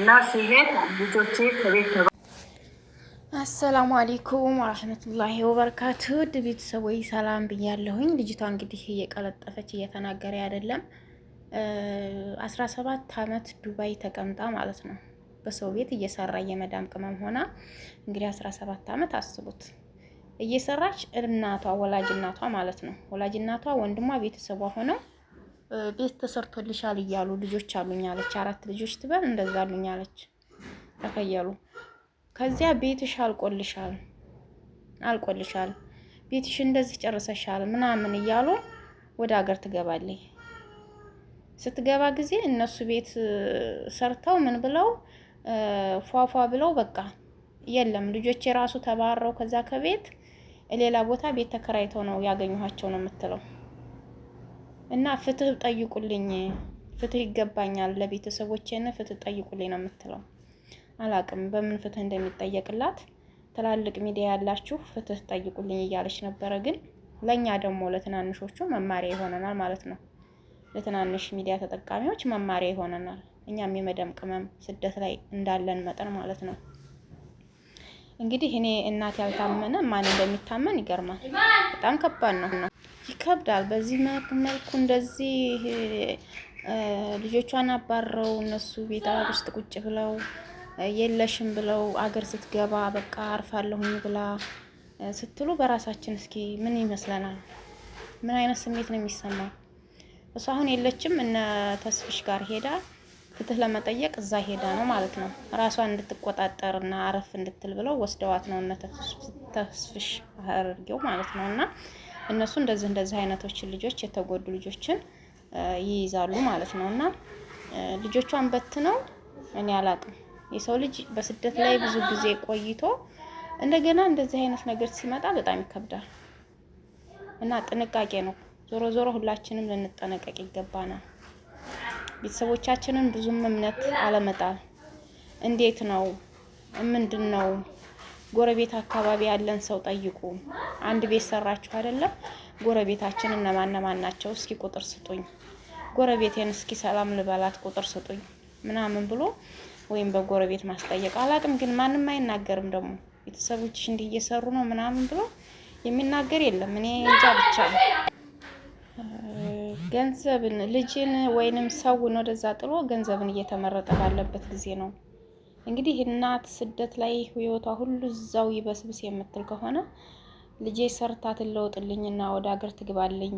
እና ሲሄድ ልጆቼ ከቤት ተባ አሰላሙ አሌይኩም ወረህመቱላሂ ወበረካቱ። ውድ ቤተሰቦች ሰላም ብያለሁኝ። ልጅቷ እንግዲህ እየቀለጠፈች እየተናገረ አይደለም። አስራ ሰባት አመት ዱባይ ተቀምጣ ማለት ነው በሰው ቤት እየሰራ የመዳም ቅመም ሆና እንግዲህ አስራ ሰባት አመት አስቡት እየሰራች እናቷ ወላጅ እናቷ ማለት ነው ወላጅ እናቷ ወንድሟ ቤተሰቧ ሆነው ቤት ተሰርቶልሻል እያሉ ልጆች አሉኝ አለች። አራት ልጆች ትበል እንደዛ አሉኝ አለች። ተከየሉ ከዚያ ቤትሽ አልቆልሻል አልቆልሻል ቤትሽ እንደዚህ ጨርሰሻል ምናምን እያሉ ወደ ሀገር ትገባለች። ስትገባ ጊዜ እነሱ ቤት ሰርተው ምን ብለው ፏፏ ብለው በቃ የለም ልጆች የራሱ ተባረው ከዛ ከቤት ሌላ ቦታ ቤት ተከራይተው ነው ያገኘኋቸው ነው የምትለው እና ፍትህ ጠይቁልኝ፣ ፍትህ ይገባኛል ለቤተሰቦቼን ፍትህ ጠይቁልኝ ነው የምትለው። አላቅም በምን ፍትህ እንደሚጠየቅላት ትላልቅ ሚዲያ ያላችሁ ፍትህ ጠይቁልኝ እያለች ነበረ። ግን ለእኛ ደግሞ ለትናንሾቹ መማሪያ ይሆነናል ማለት ነው። ለትናንሽ ሚዲያ ተጠቃሚዎች መማሪያ ይሆነናል። እኛም የመደም ቅመም ስደት ላይ እንዳለን መጠን ማለት ነው። እንግዲህ እኔ እናት ያልታመነ ማን እንደሚታመን ይገርማል። በጣም ከባድ ነው፣ ይከብዳል። በዚህ መልኩ እንደዚህ ልጆቿን አባረው እነሱ ቤታ ውስጥ ቁጭ ብለው የለሽም ብለው አገር ስትገባ በቃ አርፋለሁኝ ብላ ስትሉ በራሳችን እስኪ ምን ይመስለናል? ምን አይነት ስሜት ነው የሚሰማው? እሱ አሁን የለችም እነ ተስፍሽ ጋር ሄዳ ፍትህ ለመጠየቅ እዛ ሄዳ ነው ማለት ነው። ራሷን እንድትቆጣጠርና አረፍ እንድትል ብለው ወስደዋት ነው እነ ተስፍሽ አድርጌው ማለት ነው። እና እነሱ እንደዚህ እንደዚህ አይነቶችን ልጆች የተጎዱ ልጆችን ይይዛሉ ማለት ነው። እና ልጆቿን በት ነው እኔ አላቅም። የሰው ልጅ በስደት ላይ ብዙ ጊዜ ቆይቶ እንደገና እንደዚህ አይነት ነገር ሲመጣ በጣም ይከብዳል እና ጥንቃቄ ነው። ዞሮ ዞሮ ሁላችንም ልንጠነቀቅ ይገባናል። ቤተሰቦቻችንን ብዙም እምነት አለመጣል። እንዴት ነው? ምንድን ነው? ጎረቤት አካባቢ ያለን ሰው ጠይቁ። አንድ ቤት ሰራችሁ አይደለም? ጎረቤታችን እነማን ነማን ናቸው? እስኪ ቁጥር ስጡኝ። ጎረቤቴን እስኪ ሰላም ልበላት ቁጥር ስጡኝ ምናምን ብሎ ወይም በጎረቤት ማስጠየቅ አላቅም፣ ግን ማንም አይናገርም። ደግሞ ቤተሰቦች እንዲህ እየሰሩ ነው ምናምን ብሎ የሚናገር የለም። እኔ እንጃ ብቻ ገንዘብን ልጅን ወይንም ሰውን ወደዛ ጥሎ ገንዘብን እየተመረጠ ባለበት ጊዜ ነው እንግዲህ እናት ስደት ላይ ህይወቷ ሁሉ እዛው ይበስብስ የምትል ከሆነ ልጄ ሰርታ ትለውጥልኝና ወደ አገር ትግባልኝ፣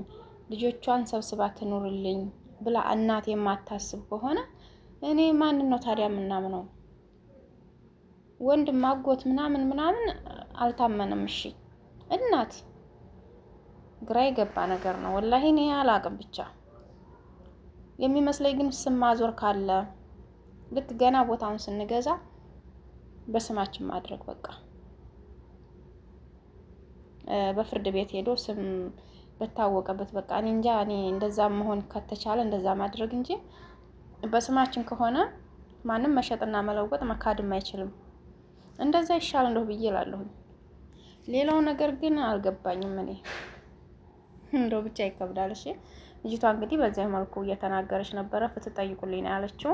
ልጆቿን ሰብስባ ትኑርልኝ ብላ እናት የማታስብ ከሆነ እኔ ማንን ነው ታዲያ የምናምነው? ወንድም፣ አጎት ምናምን ምናምን አልታመንም። እሺ እናት ግራ የገባ ነገር ነው። ወላሂ እኔ አላቅም። ብቻ የሚመስለኝ ግን ስም ማዞር ካለ ልክ ገና ቦታውን ስንገዛ በስማችን ማድረግ በቃ በፍርድ ቤት ሄዶ ስም በታወቀበት በቃ እኔ እንጃ። እኔ እንደዛ መሆን ከተቻለ እንደዛ ማድረግ እንጂ በስማችን ከሆነ ማንም መሸጥና መለወጥ መካድም አይችልም። እንደዛ ይሻል እንደው ብዬ እላለሁኝ። ሌላው ነገር ግን አልገባኝም እኔ እንደው ብቻ ይከብዳል። እሺ ልጅቷ እንግዲህ በዚህ መልኩ እየተናገረች ነበረ። ፍትህ ጠይቁልኝ ነው ያለችው።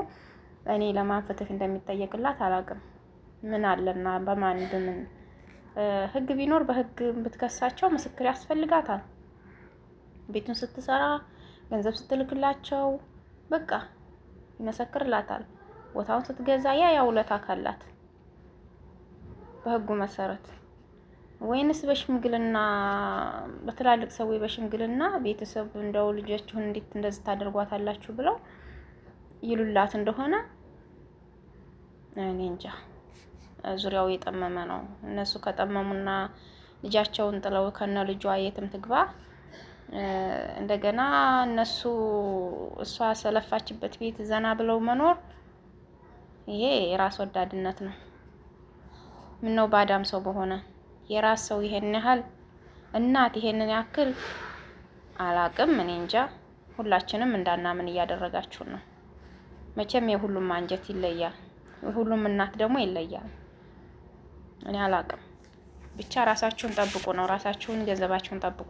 እኔ ለማን ፍትህ እንደሚጠየቅላት አላውቅም። ምን አለና በማን በምን ህግ ቢኖር በህግ ብትከሳቸው ምስክር ያስፈልጋታል። ቤቱን ስትሰራ ገንዘብ ስትልክላቸው በቃ ይመሰክርላታል። ቦታውን ስትገዛ ያ ያውለታ ካላት በህጉ መሰረት ወይንስ በሽምግልና በትላልቅ ሰዎች በሽምግልና ቤተሰብ እንደው ልጃችሁን እንዴት እንደዚህ ታደርጓታላችሁ ብለው ይሉላት እንደሆነ እኔ እንጃ። ዙሪያው የጠመመ ነው። እነሱ ከጠመሙና ልጃቸውን ጥለው ከነ ልጇ የትም ትግባ እንደገና እነሱ እሷ ሰለፋችበት ቤት ዘና ብለው መኖር ይሄ የራስ ወዳድነት ነው። ምነው ባዳም ሰው በሆነ የራስ ሰው ይሄን ያህል እናት ይሄንን ያክል አላቅም፣ እኔ እንጃ። ሁላችንም እንዳናምን እያደረጋችሁ ነው። መቼም የሁሉም አንጀት ይለያል፣ የሁሉም እናት ደግሞ ይለያል። እኔ አላቅም። ብቻ ራሳችሁን ጠብቁ ነው፣ ራሳችሁን ገንዘባችሁን ጠብቁ።